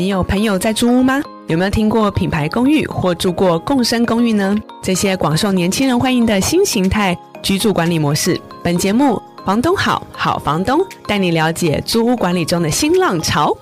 你有朋友在租屋嗎？有沒有聽過品牌公寓或住過共生公寓呢？這些廣受年輕人歡迎的新形態居住管理模式，本節目房東好好房東帶你了解租屋管理中的新浪潮。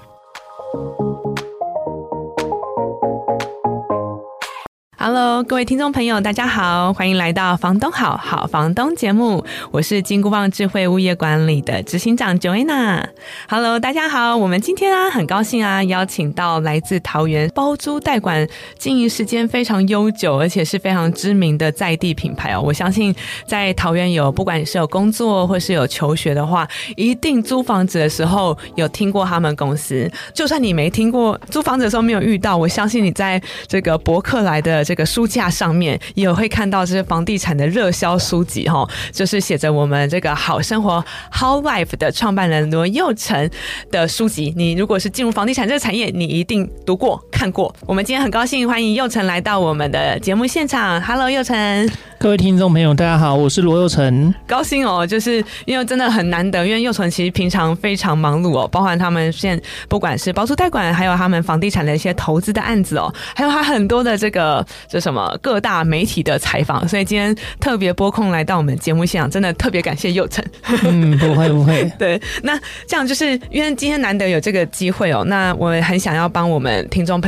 Hello，各位聽眾朋友，大家好，歡迎來到《房東好好房東》節目，我是金箍棒智慧物業管理的執行長 Joanna。Hello，大家好，我們今天啊，很高興啊，邀請到來自桃園包租代管，經營時間非常悠久，而且是非常知名的在地品牌哦。我相信在桃園有，不管你是有工作或是有求學的話，一定租房子的時候有聽過他們公司。就算你沒聽過，租房子的時候沒有遇到，我相信你在這個博客來的這個。個書架上面也會看到這些房地產的熱銷書籍，哈，就是寫着我們這個好生活 How Life 的創辦人羅右宸的書籍。你如果是進入房地產這個產業，你一定讀過。看過，我們今天很高興，歡迎右宸來到我們的節目現場。Hello，右宸，各位聽眾朋友，大家好，我是羅右宸。高興哦，就是因為真的很難得，因為右宸其實平常非常忙碌哦，包含他們現不管是包租代管，還有他們房地產的一些投資的案子哦，還有他很多的這個這什麼各大媒體的採訪，所以今天特別撥空來到我們節目現場，真的特別感謝右宸。嗯，不會不會， 對，那這樣就是因為今天難得有這個機會哦，那我很想要幫我們聽眾朋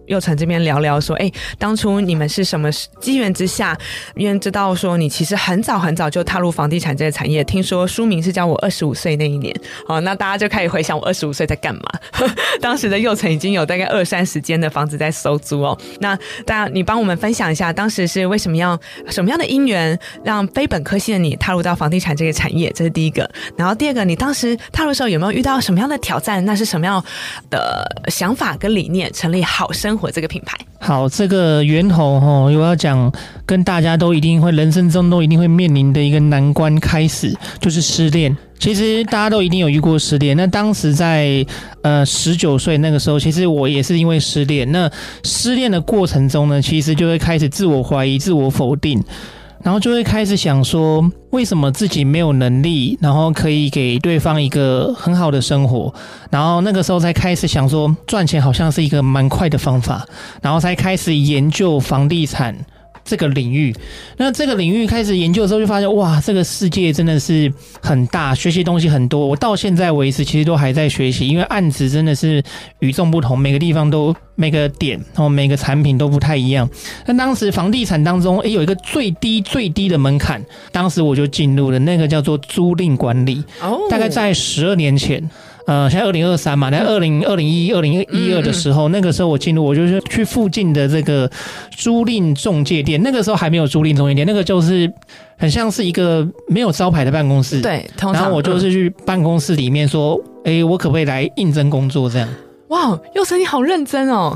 右宸這邊聊聊說，哎、欸，當初你們是什麼機緣之下，因為知道說你其實很早很早就踏入房地產這個產業。聽說書名是叫我二十五歲那一年，哦，那大家就開始回想我二十五歲在幹嘛？ 當時的右宸已經有大概二三十間的房子在收租哦。那大家，你幫我們分享一下，當時是為什麼要什麼樣的因緣，讓非本科系的你踏入到房地產這個產業？這是第一個。然後第二個，你當時踏入的時候有沒有遇到什麼樣的挑戰？那是什麼樣的想法跟理念成立好生活？我這個品牌好，這個源頭吼、哦，我要講跟大家都一定會人生中都一定會面臨的一個難關開始，就是失戀。其實大家都一定有遇過失戀，那當時在呃十九歲那個時候，其實我也是因為失戀。那失戀的過程中呢，其實就會開始自我懷疑、自我否定。然後就會開始想說，為什麼自己沒有能力，然後可以給對方一個很好的生活。然後那個時候才開始想說，賺錢好像是一個蠻快的方法，然後才開始研究房地產。這個領域，那這個領域開始研究的時候，就發現哇，這個世界真的是很大，學習東西很多。我到現在為止，其實都還在學習，因為案子真的是與眾不同，每個地方都每個點然後每個產品都不太一樣。那當時房地產當中，誒，有一個最低最低的門檻，當時我就進入了那個叫做租賃管理，oh. 大概在十二年前。呃，現在二零二三嘛，在二零、二零一一、二零一二的時候、嗯，那個時候我進入，我就是去附近的這個租賃中介店。那個時候還沒有租賃中介店，那個就是很像是一個沒有招牌的辦公室。對，然後我就是去辦公室裡面說：“哎、嗯，我可不可以來應徵工作？”這樣。哇，右宸你好認真哦。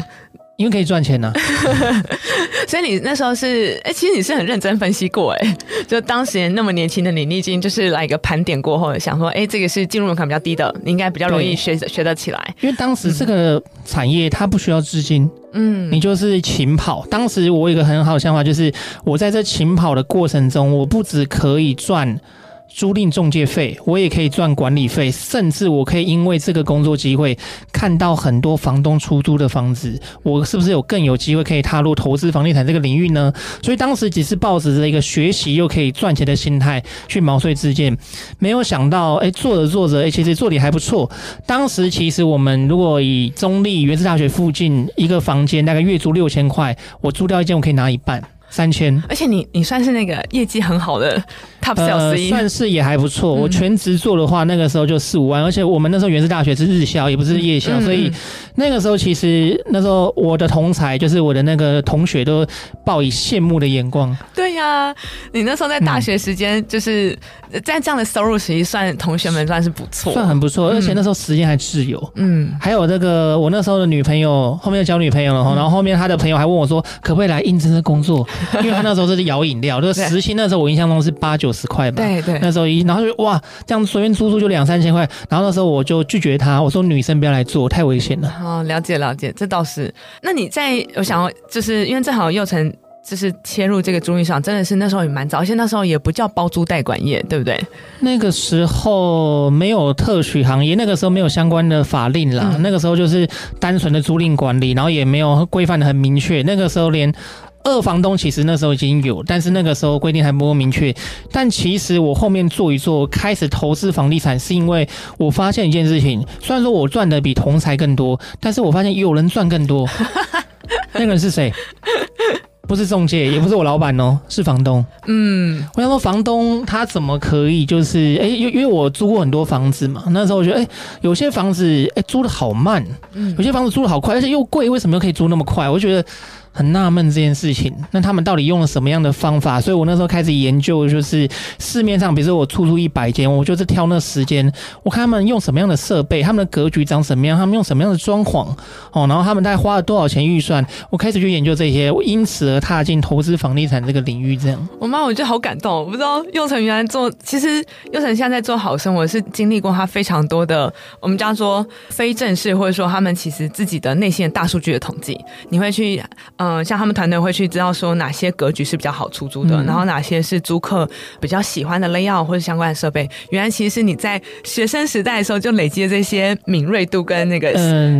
因為可以賺錢呢、啊， 所以你那時候是哎、欸，其實你是很認真分析過哎、欸，就當時那麼年輕的你，你已經就是來一個盤點過後，想說哎、欸，這個是進入門檻比較低的，你應該比較容易學學得起來。因為當時這個產業它不需要資金，嗯，你就是勤跑。當時我有一個很好的想法，就是我在這勤跑的過程中，我不只可以賺。租賃中介費，我也可以賺管理費，甚至我可以因為這個工作機會看到很多房東出租的房子，我是不是有更有機會可以踏入投資房地產這個領域呢？所以當時只是抱着一個學習又可以賺錢的心態去毛遂自薦，沒有想到，誒、欸，做着做着，誒、欸，其實做得還不錯。當時其實我們如果以中壢元智大學附近一個房間大概月租六千塊，我租掉一間我可以拿一半。三千，而且你你算是那個業績很好的 top sales，呃、算是也還不錯，嗯。我全職做的話，那個時候就四五萬。而且我們那時候原是大學是日銷，也不是夜銷，嗯嗯，所以那個時候其實那時候我的同才就是我的那個同學都抱以羨慕的眼光。對呀，啊，你那時候在大學時間，嗯、就是在這樣的收入時間，算同學們算是不錯，算很不錯。而且那時候時間還自由。嗯，還有那個我那時候的女朋友，後面就交女朋友了吼，然後後面他的朋友還問我說，可不可以來應徵這工作？ 因為他那時候是搖飲料，就是時薪。那時候我印象中是八九十塊吧。對對，對，那時候一，然後就哇，這樣隨便租租就兩三千塊。然後那時候我就拒絕他，我說女生不要來做，太危險了。哦、嗯，了解了解，這倒是。那你在我想，就是因為正好右宸就是切入這個租賃上，真的是那時候也蠻早，而且那時候也不叫包租代管業，對不對？那個時候沒有特許行業，那個時候沒有相關的法令啦，嗯、那個時候就是單純的租賃管理，然後也沒有規範的很明確，那個時候連。二房東其實那時候已經有，但是那個時候規定還不夠明確。但其實我後面做一做，開始投資房地產，是因為我發現一件事情。雖然說我賺的比同儕更多，但是我發現有人賺更多。 那個人是誰？不是中介，也不是我老闆哦，是房東。嗯，我想說，房東他怎麼可以就是哎，因因為我租過很多房子嘛，那時候我覺得哎，有些房子哎租的好慢，有些房子租的好快，而且又貴，為什麼又可以租那麼快？我覺得。很納悶這件事情，那他們到底用了什麼樣的方法？所以我那時候開始研究，就是市面上，比如說我出租一百間，我就是挑那十間，我看他們用什麼樣的設備，他們的格局長什麼樣，他們用什麼樣的裝潢，哦，然後他們大概花了多少錢預算，我開始去研究這些，我因此而踏進投資房地產這個領域。這樣，我媽我覺得好感動，我不知道右宸原來做，其實右宸現在在做好生活，是經歷過他非常多的我們叫做非正式，或者說他們其實自己的內心的大數據的統計，你會去。嗯嗯，像他們團隊會去知道說哪些格局是比較好出租的，嗯、然後哪些是租客比較喜歡的 layout 或者相關的設備。原來其實是你在學生時代的時候就累積了這些敏銳度跟那個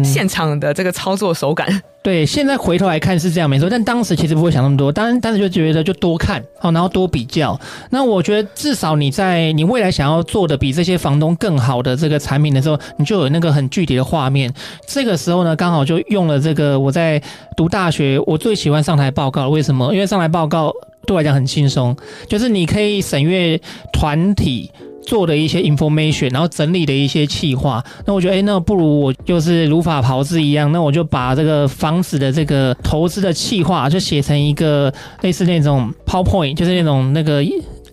現場的這個操作手感。嗯 對，現在回頭來看是這樣沒錯，但當時其實不會想那麼多，當當時就覺得就多看好、哦，然後多比較。那我覺得至少你在你未來想要做的比這些房東更好的這個產品的時候，你就有那個很具體的畫面。這個時候呢，剛好就用了這個我在讀大學，我最喜歡上台報告，為什麼？因為上台報告對我來講很輕鬆，就是你可以審閱團體。做的一些 information，然後整理的一些企劃，那我覺得，哎，那不如我就是如法炮製一樣，那我就把這個房子的這個投資的企劃就寫成一個類似那種 PowerPoint，就是那種那個，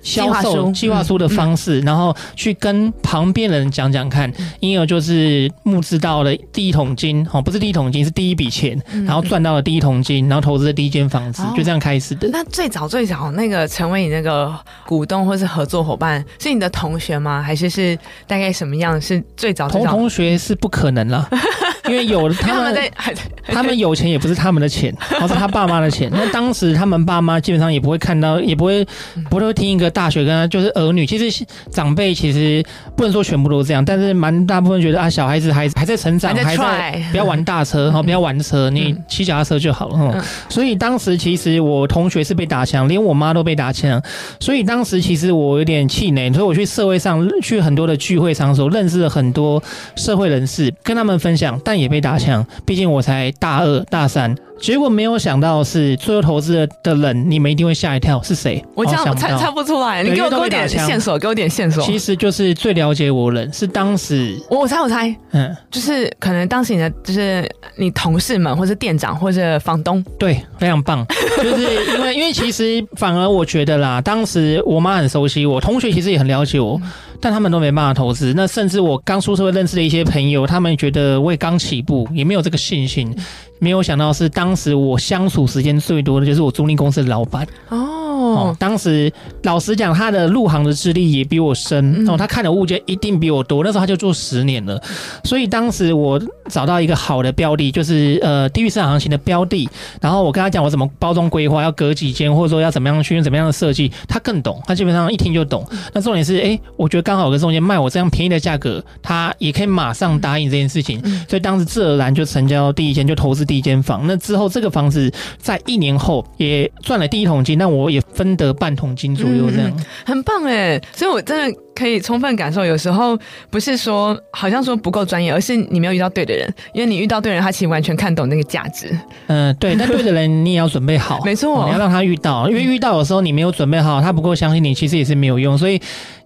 銷售計劃書的方式，嗯嗯，然後去跟旁邊人講講看，嗯，因而，就是募資到了第一桶金，哦，不是第一桶金，是第一筆錢，嗯、然後賺到了第一桶金，嗯、然後投資的第一間房子，哦、就這樣開始的。那最早最早那個成為你那個股東或是合作夥伴，是你的同學嗎？還是是大概什麼樣？是最早同同學是不可能了。 因為有他們在，他們有錢也不是他們的錢， 而是他爸媽的錢。那 當時他們爸媽基本上也不會看到，也不會，不會聽一個大學跟他就是兒女。其實長輩其實不能說全部都這樣，但是蠻大部分覺得啊，小孩子還還在成長，還在, try, 還在不要玩大車，然 後，哦，不要玩車，你騎腳踏車就好了，嗯，哦。所以當時其實我同學是被打槍，連我媽都被打槍。所以當時其實我有點氣餒，所以我去社會上，去很多的聚會場所，認識了很多社會人士，跟他們分享，但。但也被打槍，畢竟我才大二、大三，結果沒有想到是最後投資的的人，你們一定會嚇一跳，是誰？我這樣我猜猜不出來，你給我多一點線索，給我點線索。其實就是最了解我人是當時，我猜我猜，嗯，就是可能當時你的就是你同事們，或是店長，或者房東，對，非常棒。 就是因為因為其實反而我覺得啦，當時我媽很熟悉我，同學其實也很了解我，但他們都沒辦法投資。那甚至我剛出社會認識的一些朋友，他們覺得我也剛。起步也沒有這個信心，嗯，沒有想到是當時我相處時間最多的就是我租賃公司的老板哦。哦，當時老實講，他的入行的資歷也比我深，嗯，哦，他看的物件一定比我多。那時候他就做十年了，所以當時我找到一個好的標的，就是呃，地域市場行情的標的。然後我跟他講我怎麼包裝規劃，要隔幾間，或者說要怎麼樣去用怎麼樣的設計，他更懂，他基本上一聽就懂。那重點是，哎、欸，我覺得剛好有個中間賣我這樣便宜的價格，他也可以馬上答應這件事情。嗯、所以當時自然而然就成交第一間，就投資第一間房。那之後這個房子在一年後也賺了第一桶金，那我也。分得半桶金左右，這樣、嗯、很棒哎！所以，我真的可以充分感受，有時候不是說好像說不夠專業，而是你沒有遇到對的人，因為你遇到對的人，他其實完全看懂那個價值。嗯，對，但對的人你也要準備好， 沒錯、哦，你要讓他遇到，因為遇到有時候你沒有準備好，他不夠相信你，其實也是沒有用，所以。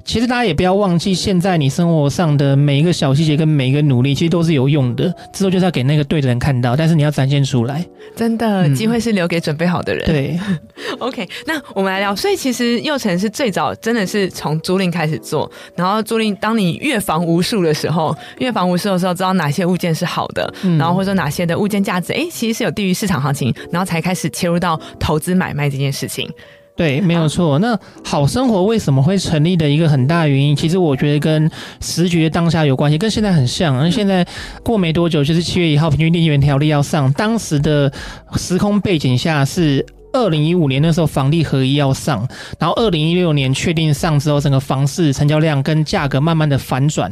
其實大家也不要忘記，現在你生活上的每一個小細節跟每一個努力，其實都是有用的。之後就是要給那個對的人看到，但是你要展現出來。真的，嗯、機會是留給準備好的人。對。 OK，那我們來聊。所以其實右宸是最早真的是從租賃開始做，然後租賃當你閱房無數的時候，閱房無數的時候，知道哪些物件是好的、嗯，然後或者說哪些的物件價值，誒、欸、其實是有低於市場行情，然後才開始切入到投資買賣這件事情。對，沒有錯。那好生活為什麼會成立的一個很大原因，其實我覺得跟時局的當下有關係，跟現在很像。那現在過沒多久，就是七月一號，平均地權條例要上。當時的時空背景下是二零一五年那時候房地合一要上，然後二零一六年確定上之後，整個房市成交量跟價格慢慢的反轉。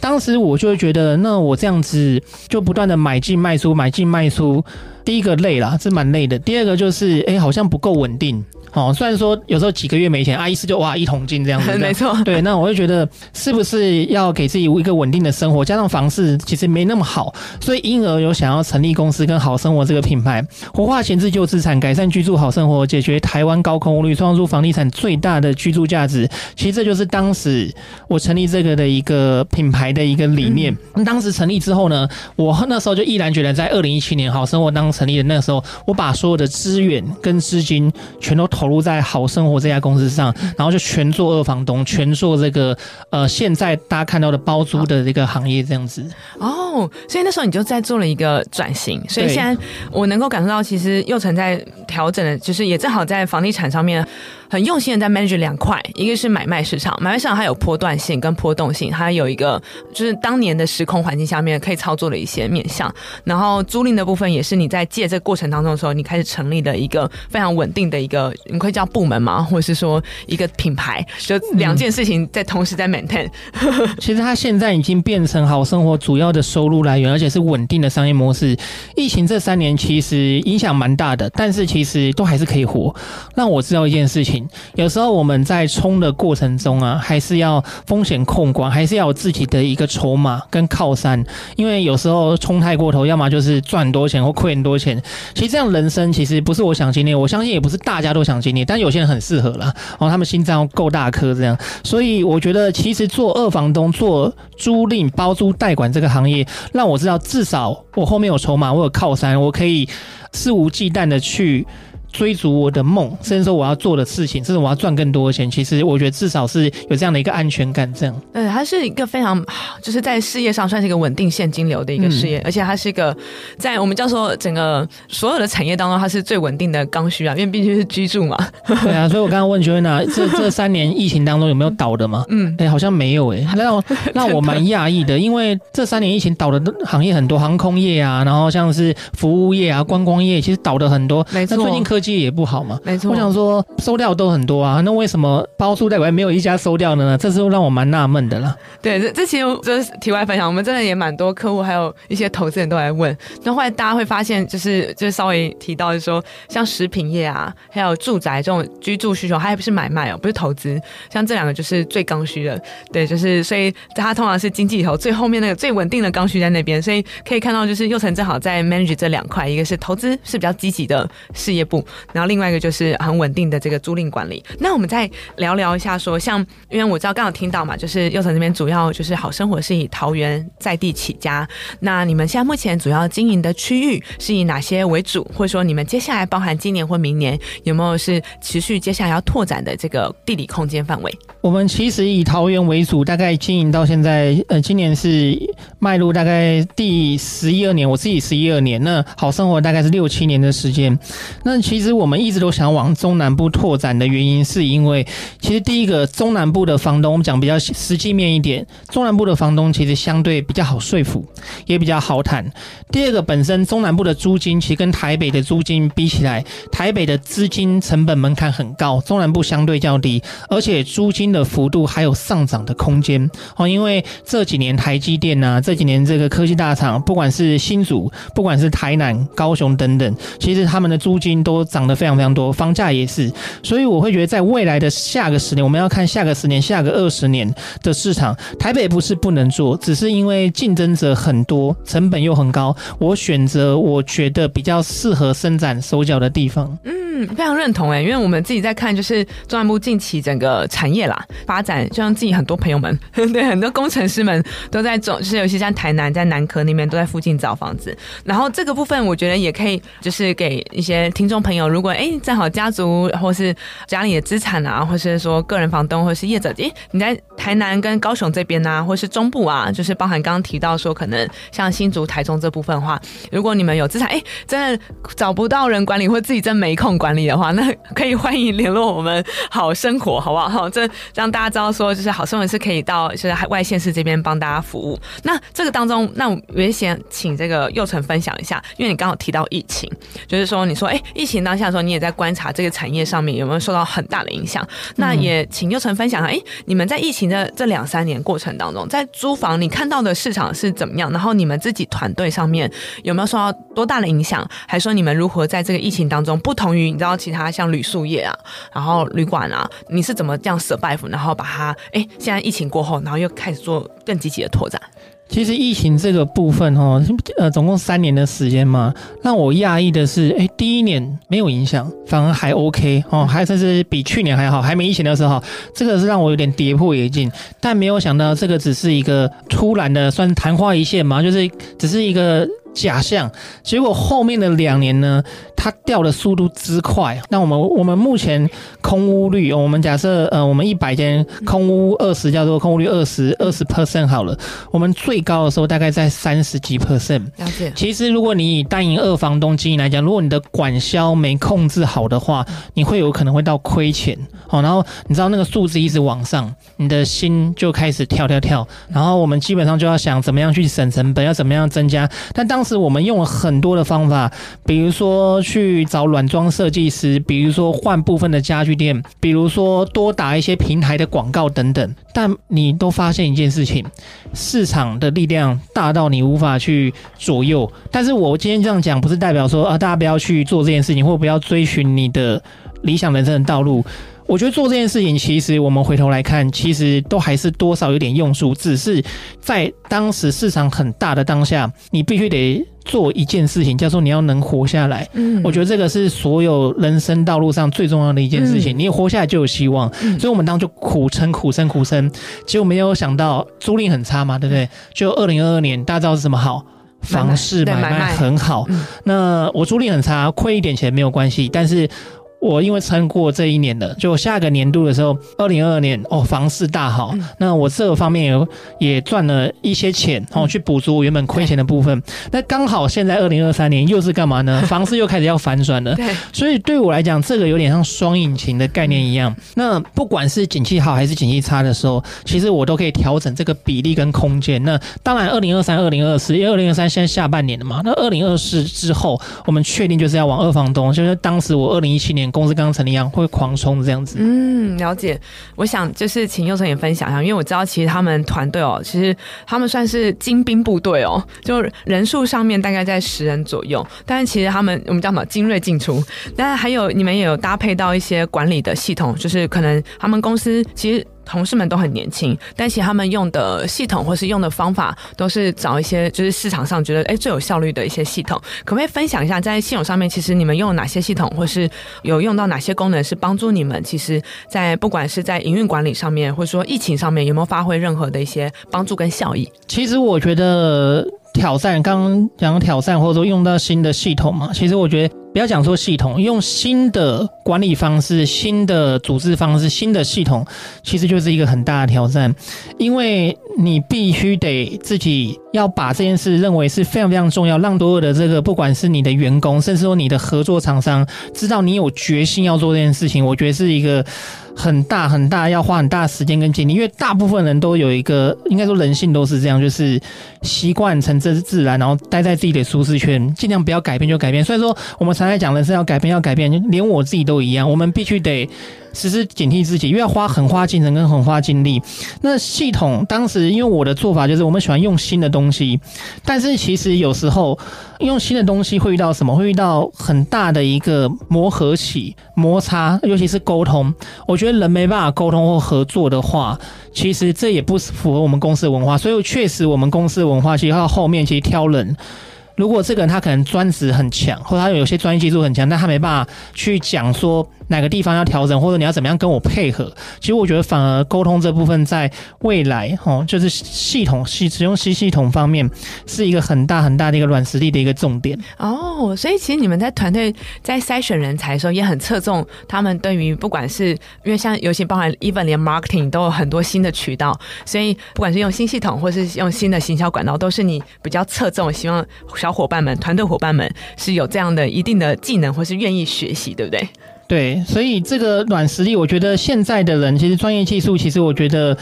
當時我就會覺得，那我這樣子就不斷的買進賣出，買進賣出。第一個累啦，是蠻累的。第二個就是，哎、欸，好像不夠穩定哦。雖然說有時候幾個月沒錢，阿、啊、醫師就哇一桶金這樣子。沒錯。對，那我會覺得是不是要給自己一個穩定的生活，加上房市其實沒那麼好，所以因而有想要成立公司跟好生活這個品牌，活化閒置舊資產，改善居住好生活，解決台灣高空屋率，創造出房地產最大的居住價值。其實這就是當時我成立這個的一個品牌的一個理念。嗯、當時成立之後呢，我那時候就毅然覺得在二零一七年好生活當。成立的那個時候，我把所有的資源跟資金全都投入在好生活這家公司上，然後就全做二房東，全做這個呃，現在大家看到的包租的這個行業這樣子。哦，oh, 所以那時候你就在做了一個轉型，所以現在我能夠感受到，其實右宸在調整的，就是也正好在房地產上面。很用心的在 manage 兩塊，一個是買賣市場，買賣市場它有波段性跟波動性，它有一個就是當年的時空環境下面可以操作的一些面向。然後租賃的部分也是你在借這個過程當中的時候，你開始成立的一個非常穩定的一個，你可以叫部門嘛，或者是說一個品牌，就兩件事情在同時在 maintain。嗯、 其實它現在已經變成好生活主要的收入來源，而且是穩定的商業模式。疫情這三年其實影響蠻大的，但是其實都還是可以活。讓我知道一件事情。有時候我們在衝的過程中啊，還是要風險控管，還是要有自己的一個籌碼跟靠山。因為有時候衝太過頭，要麼就是賺很多錢，或虧很多錢。其實這樣人生，其實不是我想經歷，我相信也不是大家都想經歷。但有些人很適合啦，然後、哦、他們心臟夠大顆，這樣。所以我覺得，其實做二房東、做租賃、包租代管這個行業，讓我知道至少我後面有籌碼，我有靠山，我可以肆無忌憚的去。追逐我的夢，甚至說我要做的事情，甚至我要賺更多的錢。其實我覺得至少是有這樣的一個安全感，這樣。嗯，它是一個非常就是在事業上算是一個穩定現金流的一個事業、嗯，而且它是一個在我們叫做整個所有的產業當中，它是最穩定的剛需啊，因為畢竟是居住嘛。對啊，所以我剛剛問 Joanna 這這三年疫情當中有沒有倒的嗎？嗯，哎、欸，好像沒有哎、欸，那讓我那我蠻訝異的，因為這三年疫情倒的行業很多，航空業啊，然後像是服務業啊、嗯、觀光業，其實倒的很多。沒錯，那最近科。業績也不好嘛，沒錯。我想說收掉都很多啊，那為什麼包租代管沒有一家收掉的呢？這時候讓我蠻納悶的了。對，這這其實就是題外分享。我們真的也蠻多客戶，還有一些投資人，都來問。那後，後來大家會發現、就是，就是就是稍微提到，就是說像食品業啊，還有住宅這種居住需求，它還不是買賣哦、喔，不是投資。像這兩個就是最剛需的，對，就是所以它通常是經濟裡頭最後面那個最穩定的剛需在那邊。所以可以看到，就是右宸正好在 manage 這兩塊，一個是投資是比較積極的事業部。然後另外一個就是很穩定的這個租賃管理。那我們再聊聊一下說，說像因為我知道剛剛聽到嘛，就是右宸這邊主要就是好生活是以桃園在地起家。那你們現在目前主要經營的區域是以哪些為主，或者說你們接下來包含今年或明年有沒有是持續接下來要拓展的這個地理空間範圍？我們其實以桃園為主，大概經營到現在，呃，今年是邁入大概第十一二年，我自己十一二年，那好生活大概是六七年的時間，那其實。其實我們一直都想往中南部拓展的原因，是因為其實第一個，中南部的房東，我們講比較實際面一點，中南部的房東其實相對比較好說服，也比較好談。第二個，本身中南部的租金其實跟台北的租金比起來，台北的資金成本門檻很高，中南部相對較低，而且租金的幅度還有上漲的空間哦。因為這幾年台積電吶、啊，這幾年這個科技大廠，不管是新竹，不管是台南、高雄等等，其實他們的租金都漲得非常非常多，房價也是，所以我會覺得在未來的下個十年，我們要看下個十年、下個二十年的市場。台北不是不能做，只是因為競爭者很多，成本又很高。我選擇我覺得比較適合伸展手腳的地方。嗯，非常認同哎、欸，因為我們自己在看，就是中南部近期整個產業啦發展，就像自己很多朋友們， 對很多工程師們都在做，就是尤其像台南在南科那邊都在附近找房子。然後這個部分我覺得也可以，就是給一些聽眾朋友有如果，哎，正好家族或是家裡的資產啊，或是說個人房東或是業者，哎，你在台南跟高雄這邊啊，或是中部啊，就是包含剛剛提到說，可能像新竹、台中這部分的話，如果你們有資產，哎，真的找不到人管理，或自己真沒空管理的話，那可以歡迎聯絡我們好生活，好不好？好，這讓大家知道說，就是好生活是可以到就是外縣市這邊幫大家服務。那這個當中，那我也想請這個右宸分享一下，因為你剛好提到疫情，就是說你說哎，疫情。當下說，你也在觀察這個產業上面有沒有受到很大的影響，嗯？那也請右宸分享下，哎、欸，你們在疫情的這兩三年過程當中，在租房你看到的市場是怎麼樣？然後你們自己團隊上面有沒有受到多大的影響？還說你們如何在這個疫情當中，不同於你知道其他像旅宿業啊，然後旅館啊，你是怎麼這樣 survive，然後把它哎、欸，現在疫情過後，然後又開始做更積極的拓展。其實疫情這個部分哈、哦，呃，總共三年的時間嘛，讓我訝異的是，誒，第一年沒有影響，反而還 OK 哦，還算是比去年還好，還沒疫情的時候，這個是讓我有點跌破眼鏡。但沒有想到，這個只是一個突然的，算曇花一現嘛，就是只是一個假象。結果後面的兩年呢？它掉的速度之快，那我們我們目前空屋率，我們假設呃我們一百間空屋二十叫做空屋率二十二十 percent 好了，我們最高的時候大概在三十幾 percent。了解。其實如果你以單營二房東經營來講，如果你的管銷沒控制好的話，你會有可能會到虧錢哦。然後你知道那個數字一直往上，你的心就開始跳跳跳。然後我們基本上就要想怎麼樣去省成本，要怎麼樣增加。但當時我們用了很多的方法，比如說。去找軟裝設計師，比如說換部分的家具店，比如說多打一些平台的廣告等等。但你都發現一件事情，市場的力量大到你無法去左右。但是我今天這樣講，不是代表說，啊，大家不要去做這件事情，或不要追尋你的理想人生的道路。我覺得做這件事情，其實我們回頭來看，其實都還是多少有點用處。只是在當時市場很大的當下，你必須得做一件事情，叫做你要能活下來。嗯。我覺得這個是所有人生道路上最重要的一件事情。嗯。你活下來就有希望。嗯。所以，我們當時就苦撐苦撐、苦撐，結果沒有想到，租賃很差嘛，對不對？就二零二二年，大家知道是什麼好？房市買賣很好。那我租賃很差，虧一點錢沒有關係，但是。我因為撐過這一年的，就下個年度的時候，二零二二年哦，房市大好，嗯、那我這個方面也也賺了一些錢，然、哦、後去補足我原本虧錢的部分。嗯、那剛好現在二零二三年又是幹嘛呢？ 房市又開始要反轉了，對，所以對我來講，這個有點像雙引擎的概念一樣，嗯。那不管是景氣好還是景氣差的時候，其實我都可以調整這個比例跟空間。那當然2023，二零二三、二零二四，因為二零二三現在下半年了嘛，那二零二四之後，我們確定就是要往二房東，就是當時我二零一七年。公司剛剛成立一樣，會狂衝這樣子。嗯，了解。我想就是請右宸也分享一下，因為我知道其實他們團隊哦，其實他們算是精兵部隊哦，就人數上面大概在十人左右。但是其實他們我們叫什麼精銳盡出，當然還有你們也有搭配到一些管理的系統，就是可能他們公司其實。同事們都很年輕，但其實他們用的系統或是用的方法，都是找一些就是市場上覺得哎最有效率的一些系統。可不可以分享一下，在系統上面，其實你們用了哪些系統，或是有用到哪些功能，是幫助你們其實，在不管是在營運管理上面，或者說疫情上面，有沒有發揮任何的一些幫助跟效益？其實我覺得。挑戰，剛剛講挑戰，或者說用到新的系統嘛，其實我覺得，不要講說系統，用新的管理方式、新的組織方式、新的系統，其實就是一個很大的挑戰，因為你必須得自己要把這件事認為是非常非常重要，讓所有的這個，不管是你的員工，甚至說你的合作廠商，知道你有決心要做這件事情，我覺得是一個。很大很大，要花很大的時間跟精力，因為大部分人都有一個，應該說人性都是這樣，就是習慣成自然，然後待在自己的舒適圈，儘量不要改變就改變。所以說，我們常在講人生要改變，要改變，連我自己都一樣，我們必須得。時時警惕自己，因為要花很花精神跟很花精力。那系統當時，因為我的做法就是，我們喜歡用新的東西，但是其實有時候用新的東西會遇到什麼？會遇到很大的一個磨合期、摩擦，尤其是溝通。我覺得人沒辦法溝通或合作的話，其實這也不符合我們公司的文化。所以，確實我們公司的文化其實到後面其實挑人。如果這個人他可能專職很強，或者他有些專業技術很強，但他沒辦法去講說。哪個地方要調整，或者你要怎麼樣跟我配合？其實我覺得，反而溝通這部分在未來，哦，就是系統系使用新系統方面，是一個很大很大的一個軟實力的一個重點。哦，所以其實你們在團隊在篩選人才的時候，也很側重他們對於不管是因為像尤其包含 even 連 marketing 都有很多新的渠道，所以不管是用新系統，或是用新的行銷管道，都是你比較側重，希望小夥伴們、團隊夥伴們是有這樣的一定的技能，或是願意學習，對不對？對，所以這個軟實力，我覺得現在的人其實專業技術，其實我覺得。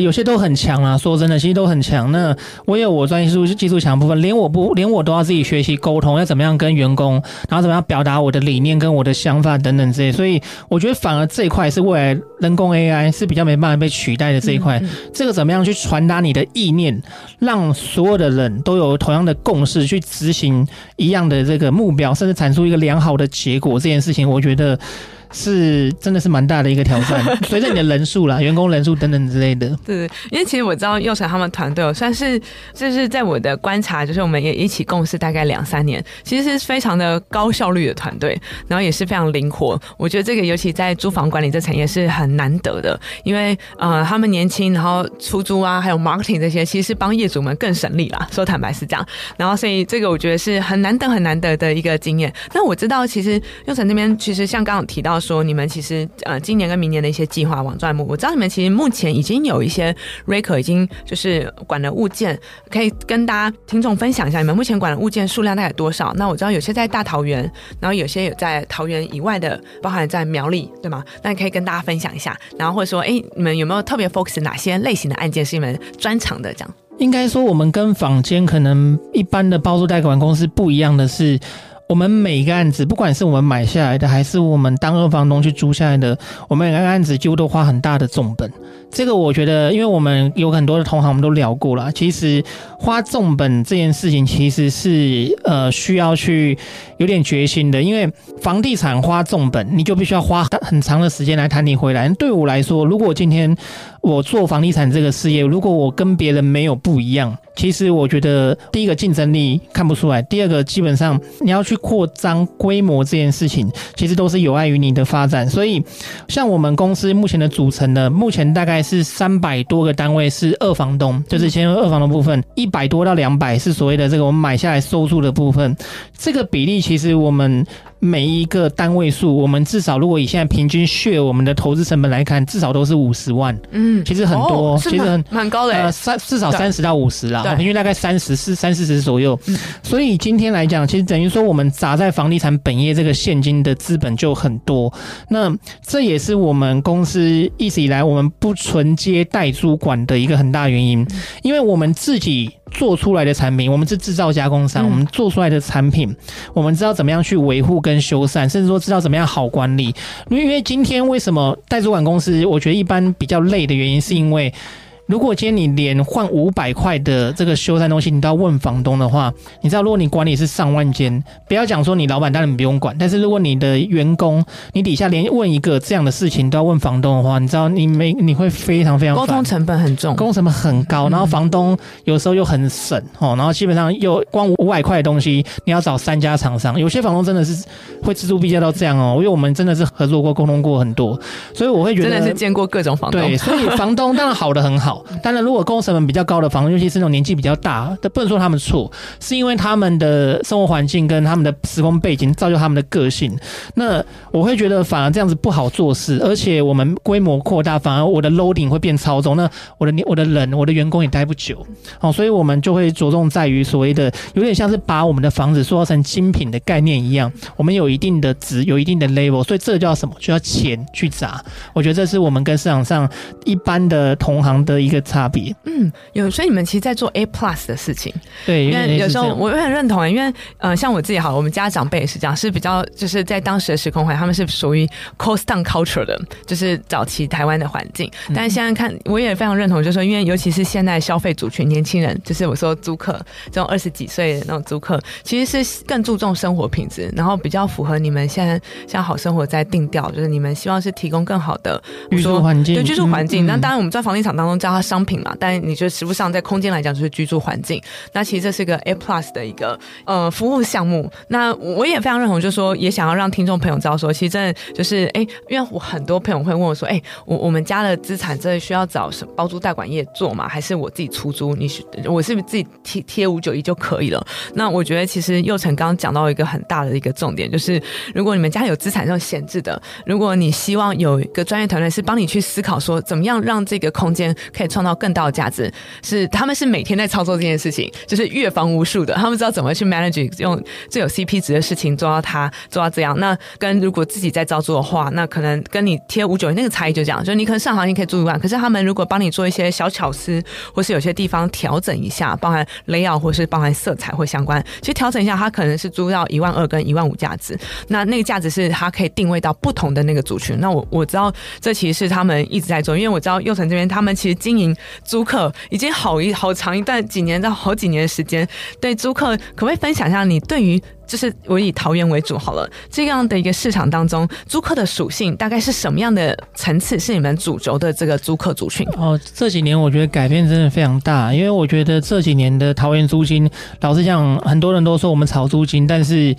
有些都很強啊，說真的，其實都很強。那我有我專業技術技術強部分，連我不連我都要自己學習溝通，要怎麼樣跟員工，然後怎麼樣表達我的理念跟我的想法等等這些。所以我覺得，反而這一塊是未來人工 AI 是比較沒辦法被取代的這一塊。這個怎麼樣去傳達你的意念，讓所有的人都有同樣的共識去執行一樣的這個目標，甚至產出一個良好的結果，這件事情，我覺得。是，真的是蠻大的一個挑戰，隨着你的人數啦， 員工人數等等之類的。對，因為其實我知道右宸他們團隊，算是就是在我的觀察，就是我們也一起共事大概兩三年，其實是非常的高效率的團隊，然後也是非常靈活。我覺得這個尤其在租房管理這產業是很難得的，因為呃，他們年輕，然後出租啊，還有 marketing 這些，其實是幫業主們更省力啦。說坦白是這樣，然後所以這個我覺得是很難得很難得的一個經驗。那我知道其實右宸那邊，其實像剛剛有提到說。說你們其實呃，今年跟明年的一些計劃，網賺目，我知道你們其實目前已經有一些 r e c e r 已經就是管的物件，可以跟大家聽眾分享一下，你們目前管的物件數量大概有多少？那我知道有些在大桃園，然後有些有在桃園以外的，包含在苗栗，對嗎？那可以跟大家分享一下，然後或者說，哎，你們有沒有特別 focus 哪些類型的案件是你們專長的？這樣應該說，我們跟坊間可能一般的包租代管公司不一樣的是。我們每一個案子，不管是我們買下來的，還是我們當二房東去租下來的，我們每個案子幾乎都花很大的重本。這個我覺得，因為我們有很多的同行，我們都聊過了，其實。花重本這件事情其實是呃需要去有點決心的，因為房地產花重本，你就必須要花很長的時間來談你回來。對我來說，如果今天我做房地產這個事業，如果我跟別人沒有不一樣，其實我覺得第一個競爭力看不出來，第二個基本上你要去擴張規模這件事情，其實都是有礙於你的發展。所以像我們公司目前的組成呢，目前大概是三百多個單位是二房東，就是先用二房東部分一百多到兩百是所謂的這個我們買下來收入的部分，這個比例其實我們。每一個單位數，我們至少如果以現在平均 share 我們的投資成本來看，至少都是五十萬。嗯，其實很多，哦、其實蠻高的、欸。呃，三至少三十到五十啦對，平均大概三十四、三四十左右。嗯、所以，以今天來講，其實等於說我們砸在房地產本業這個現金的資本就很多。那這也是我們公司一直以來我們不純接代租管的一個很大原因，因為我們自己做出來的產品，我們是制造加工商，我們做出來的產品，嗯、我們知道怎麼樣去維護跟。修繕，甚至說知道怎麼樣好管理，因為今天為什麼代主管公司，我覺得一般比較累的原因，是因為，如果今天你連換五百塊的這個修繕東西，你都要問房東的話，你知道，如果你管理是上萬間，不要講說你老板當然不用管，但是如果你的員工，你底下連問一個這樣的事情都要問房東的話，你知道你沒，你每你會非常非常溝通成本很重，溝通成本很高，然後房東有時候又很省、嗯、哦，然後基本上又光五百塊的東西，你要找三家廠商，有些房東真的是會錙銖必較到這樣哦。因為我們真的是合作過、溝通過很多，所以我會覺得真的是見過各種房東，對，所以房東當然好的很好。 當然，如果工程成本比較高的房子，尤其是那種年紀比較大的，不能說他們錯，是因為他們的生活環境跟他們的時空背景造就他們的個性。那我會覺得反而這樣子不好做事，而且我們規模擴大，反而我的 loading 會變超重。那我的年，我的人，我的員工也待不久哦，所以我們就會着重在於所謂的有點像是把我們的房子塑造成精品的概念一樣，我們有一定的值，有一定的 label，所以這叫什麼？就叫錢去砸。我覺得這是我們跟市場上一般的同行的。一個差別，嗯，有，所以你們其實在做 A Plus 的事情，對，因為有時候我也很認同，因為呃，像我自己哈，我們家長輩也是這樣，是比較就是在當時的時空環，他們是屬於 Cost down Culture 的，就是早期台灣的環境。但是現在看、嗯，我也非常認同，就是說，因為尤其是現在消費族群年輕人就是我說租客這種二十幾歲的那種租客，其實是更注重生活品質，然後比較符合你們現在像好生活在定調，就是你們希望是提供更好的說居住環境，對居住環境、嗯嗯。那當然我們在房地產當中這樣。商品嘛，但你覺得實際上在空間來講就是居住環境。那其實這是一個 A plus 的一個呃服務項目。那我也非常認同，就是說也想要讓聽眾朋友知道說，其實真的就是哎、欸，因為我很多朋友會問我說，哎、欸，我我們家的資產這需要找什麼包租代管業做嗎？還是我自己出租？你是我是不是自己貼貼五九一就可以了？那我覺得其實右宸剛剛講到一個很大的一個重點，就是如果你們家有資產這種閒置的，如果你希望有一個專業團隊是幫你去思考說怎麼樣讓這個空間可以。創造更大的價值，是他們是每天在操作這件事情，就是閱房無數的，他們知道怎麼去 manage，用最有 CP 值的事情做到他做到這樣。那跟如果自己在招租的話，那可能跟你貼五九那個差異就這樣，就是你可能上行你可以租一萬，可是他們如果幫你做一些小巧思，或是有些地方調整一下，包含 layout 或是包含色彩或相關，其實調整一下，他可能是租到一萬二跟一萬五價值。那那個價值是他可以定位到不同的那個族群。那我我知道這其實是他們一直在做，因為我知道右宸這邊他們其實經。經營租客已經好一好長一段幾年到好幾年的時間，對租客可不可以分享一下你對於就是我以桃園為主好了這樣的一個市場當中，租客的屬性大概是什麼樣的層次？是你們主軸的這個租客族群哦？這幾年我覺得改變真的非常大，因為我覺得這幾年的桃園租金，老實講，很多人都說我們炒租金，但是。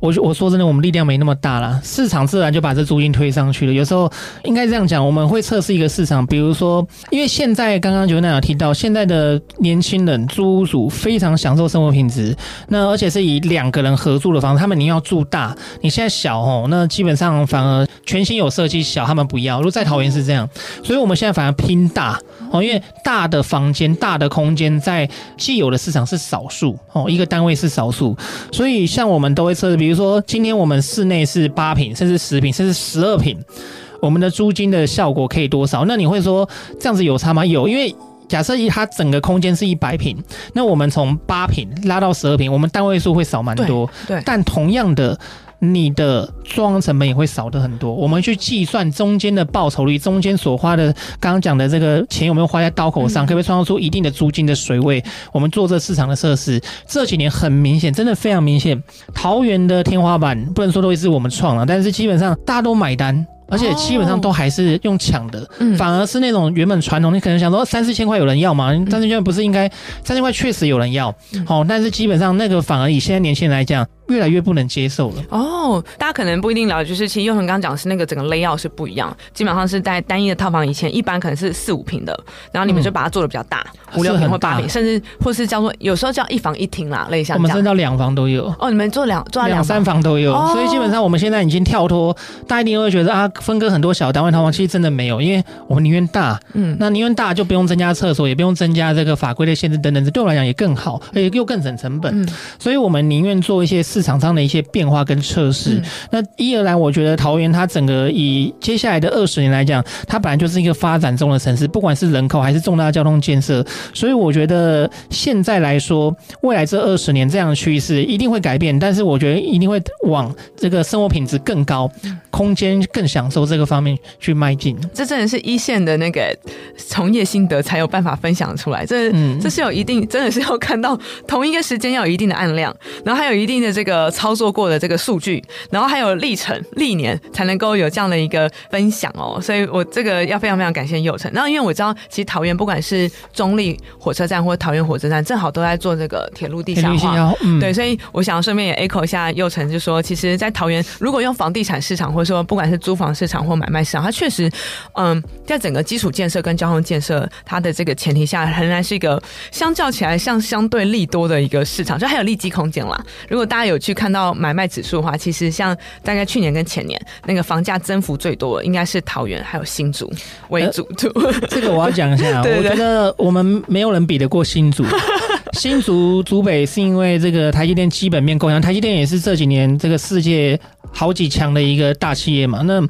我我說真的，我們力量沒那麼大啦。市場自然就把這租金推上去了。有時候應該這樣講，我們會測試一個市場，比如說，因為現在剛剛 Joanna 有提到，現在的年輕人租屋主非常享受生活品質，那而且是以兩個人合租的房子，他們你要住大，你現在小哦，那基本上反而全新有設計，小他們不要，如果在桃園是這樣，所以我們現在反而拼大。哦，因為大的房間、大的空間，在既有的市場是少數哦，一個單位是少數，所以像我們都會測試，比如說今天我們室內是八平，甚至十平，甚至十二平，我們的租金的效果可以多少？那你會說這樣子有差嗎？有，因為假設以它整個空間是一百平，那我們從八平拉到十二平，我們單位數會少蠻多，對，對，但同樣的。你的裝成本也會少得很多。我們去計算中間的報酬率，中間所花的剛剛講的這個錢有沒有花在刀口上，可不可以創造出一定的租金的水位？我們做這市場的測試，這幾年很明顯，真的非常明顯。桃園的天花板不能說都會是我們創了，但是基本上大家都買單，而且基本上都還是用搶的，反而是那種原本傳統，你可能想說三四千塊有人要嗎？但是就不是應該三四千塊確實有人要。好，但是基本上那個反而以現在年輕人來講。越來越不能接受了哦，大家可能不一定了解，就是其實又我們剛剛講的是那個整個 layout 是不一樣，基本上是在單一的套房以前，一般可能是四五坪的，然後你們就把它做的比較大，嗯、五六坪、或八坪，甚至或是叫做有時候叫一房一廳啦，類似我們甚至叫兩房都有哦，你們做兩做兩三房都有、哦，所以基本上我們現在已經跳脫，大家一定會覺得啊，分割很多小單位套房，其實真的沒有，因為我們寧願大，嗯，那寧願大就不用增加廁所，也不用增加這個法規的限制等等，對我來講也更好，而且又更省成本，嗯、所以我們寧願做一些四。市場上的一些變化跟測試、嗯，那一而來，我覺得桃園它整個以接下來的二十年來講，它本來就是一個發展中的城市，不管是人口還是重大交通建設，所以我覺得現在來說，未來這二十年這樣的趨勢一定會改變，但是我覺得一定會往這個生活品質更高、嗯、空間更享受這個方面去邁進。這真的是一線的那個從業心得才有辦法分享出來，這、嗯、這是有一定，真的是要看到同一個時間要有一定的案量，然後還有一定的這個。個操作過的這個數據，然後還有歷程，歷年才能夠有這樣的一個分享哦，所以我這個要非常非常感謝右宸。那因為我知道，其實桃園不管是中壢火車站或桃園火車站，正好都在做這個鐵路地下化,地下化、嗯，對，所以我想順便也 echo 一下右宸就說，其實，在桃園，如果用房地產市場，或者說不管是租房市場或買賣市場，它確實，嗯，在整個基礎建設跟交通建設它的這個前提下，仍然是一個相較起來像相對利多的一個市場，就還有利基空間啦。如果大家有。有去看到買賣指數的話，其實像大概去年跟前年，那個房價增幅最多的，應該是桃園還有新竹為主，呃。這個我要講一下， 對對對，我覺得我們沒有人比得過新竹。 新竹竹北是因為這個台積電基本面夠強，台積電也是這幾年這個世界好幾強的一個大企業嘛，那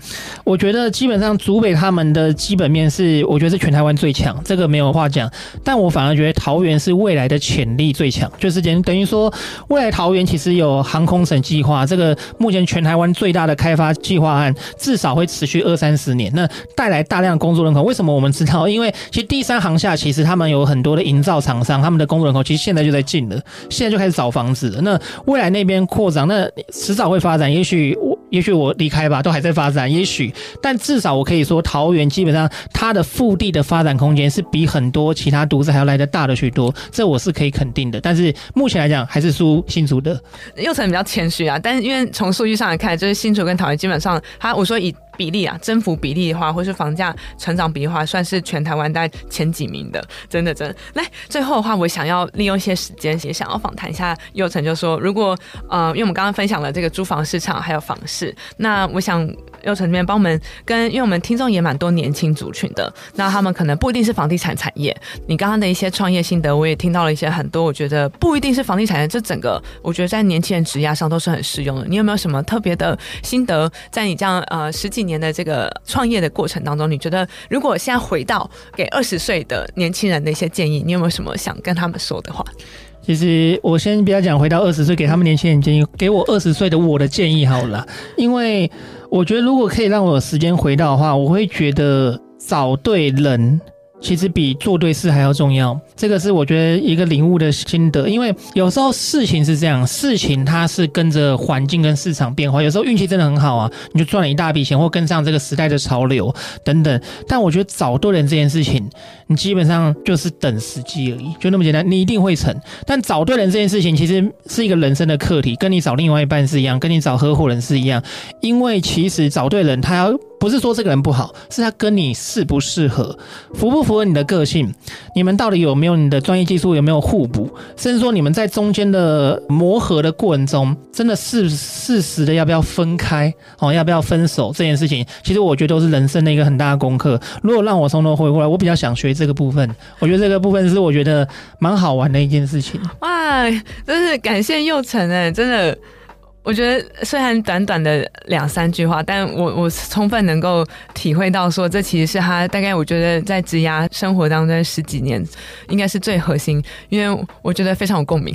我覺得基本上竹北他們的基本面是，我覺得是全台灣最強，這個沒有話講。但我反而覺得桃園是未來的潛力最強，就是等等於說，未來桃園其實有航空城計劃，這個目前全台灣最大的開發計劃案，至少會持續二三十年，那帶來大量的工作人口。為什麼我們知道？因為其實第三航廈，其實他們有很多的營造廠商，他們的工作人口其實現在就在進了，現在就開始找房子了。那未來那邊擴張，那遲早會發展，也許。也許我離開吧，都還在發展。也許，但至少我可以說，桃園基本上它的腹地的發展空間是比很多其他都市還要來得大的許多，這我是可以肯定的。但是目前來講，還是輸新竹的。右宸比較謙虛啊，但是因為從數據上來看，就是新竹跟桃園基本上它，他我說以。比例啊，增幅比例的話，或是房價成長比例的話，算是全台灣在前幾名的，真的真的。的來最後的話，我想要利用一些時間，也想要訪談一下右宸，就說如果呃，因為我們剛剛分享了這個租房市場還有房市，那我想。右宸裡面幫我們跟，因為我們聽眾也蠻多年輕族群的，那他們可能不一定是房地產產業。你剛剛的一些創業心得，我也聽到了一些很多，我覺得不一定是房地產的，這整個我覺得在年輕人職業上都是很適用的。你有沒有什麼特別的心得，在你這樣呃十幾年的這個創業的過程當中，你覺得如果現在回到給二十歲的年輕人的一些建議，你有沒有什麼想跟他們說的話？其實我先不要講，回到二十歲，給他們年輕人建議，給我二十歲的我的建議好了。因為我覺得，如果可以讓我有時間回到的話，我會覺得找對人。其實比做對事還要重要，這個是我覺得一個領悟的心得。因為有時候事情是這樣，事情它是跟着環境跟市場變化。有時候運氣真的很好啊，你就賺了一大筆錢，或跟上這個時代的潮流等等。但我覺得找對人這件事情，你基本上就是等時機而已，就那麼簡單。你一定會成。但找對人這件事情，其實是一個人生的課題，跟你找另外一半是一樣，跟你找合夥人是一樣。因為其實找對人，他要。不是說這個人不好，是他跟你適不適合，符不符合你的個性，你們到底有沒有你的專業技術，有沒有互補，甚至說你們在中間的磨合的過程中，真的適適時的要不要分開，哦，要不要分手這件事情，其實我覺得都是人生的一個很大的功課。如果讓我從頭回過來，我比較想學這個部分，我覺得這個部分是我覺得蠻好玩的一件事情。哇，真是感謝右宸誒、欸，真的。我覺得雖然短短的兩三句話，但我我充分能夠體會到，說這其實是他大概我覺得在職涯生活當中的十幾年，應該是最核心，因為我覺得非常有共鳴，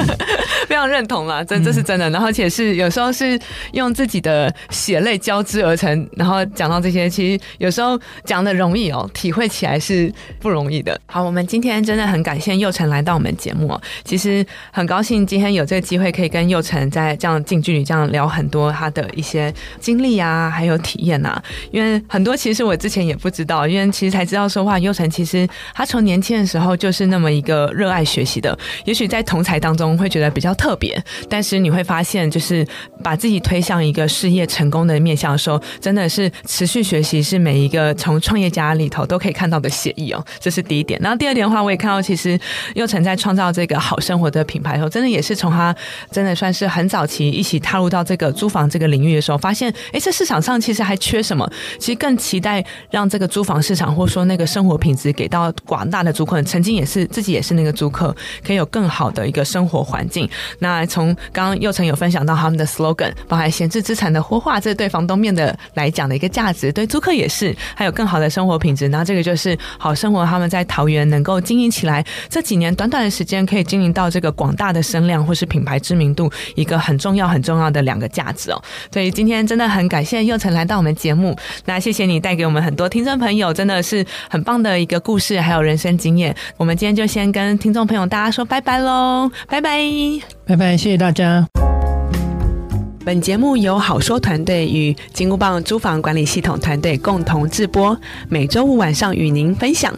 非常認同了，真這，這是真的，嗯、然後且是有時候是用自己的血淚交織而成，然後講到這些，其實有時候講的容易哦，體會起來是不容易的。好，我們今天真的很感謝右宸來到我們節目、哦，其實很高興今天有這個機會可以跟右宸在講。這近距離這樣聊很多他的一些經歷啊，還有體驗啊，因為很多其實我之前也不知道，因為其實才知道說話。右宸其實他從年輕的時候就是那麼一個熱愛學習的，也許在同才當中會覺得比較特別，但是你會發現，就是把自己推向一個事業成功的面向的時候，真的是持續學習是每一個從創業家裡頭都可以看到的寫意哦，這是第一點。然後第二點的話，我也看到其實右宸在創造這個好生活的品牌的時候，真的也是從他真的算是很早期。一起踏入到這個租房這個領域的時候，發現哎，這市場上其實還缺什麼？其實更期待讓這個租房市場，或說那個生活品質，給到廣大的租客。曾經也是自己也是那個租客，可以有更好的一個生活環境。那從剛剛右宸有分享到他們的 slogan，包含閒置資產的活化，這對房東面的來講的一個價值，對租客也是，還有更好的生活品質。那這個就是好生活，他們在桃園能夠經營起來，這幾年短短的時間可以經營到這個廣大的聲量，或是品牌知名度，一個很重重要，很重要的兩個價值哦，所以今天真的很感謝右宸來到我們節目，那謝謝你帶給我們很多聽眾朋友，真的是很棒的一個故事還有人生經驗。我們今天就先跟聽眾朋友大家說拜拜嘍，拜拜拜拜，謝謝大家。本節目由好說團隊與金箍棒租房管理系統團隊共同製播，每周五晚上與您分享。